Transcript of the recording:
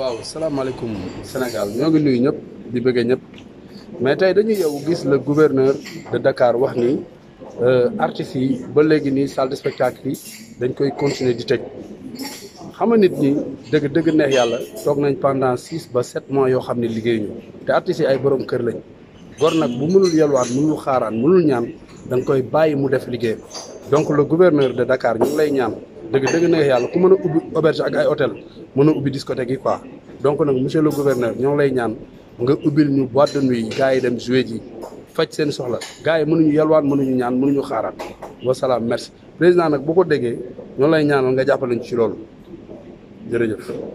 waaw salaamaaleykum Sénégal ñoo ngi nuyu ñëpp di bëggee ñëpp mais tey dañu yow gis le gouverneur de Dakar wax ni euh, artistes yi ba léegi nii salle spectacle yi dañ koy continuer di teg xam nga nit ñi dëgg dëgg neex yàlla toog nañ pendant six ba sept mois yoo xam ne liggéeyuñu te artistes yi ay boroom kër lañ gor nag bu mënul yelwaan mënul xaaraan mënul ñaan da koy bàyyi mu def liggéeyam donc le gouverneur de Dakar ñu ngi lay ñaan. dëgg na neex yàlla ku mën a ubbi auberge ak ay hôtel mën a ubbi discothèque yi quoi donc nag monsieur le gouverneur ñoo lay ñaan nga ubbil ñu boîte de nuit gars yi dem jouer yi faj seen soxla gars yi mënuñu yalwaan mënuñu ñaan mënuñu xaaraat wasalaam merci président nag bu ko déggee ñoo lay ñaanal nga jàppale ñu ci loolu jërëjëf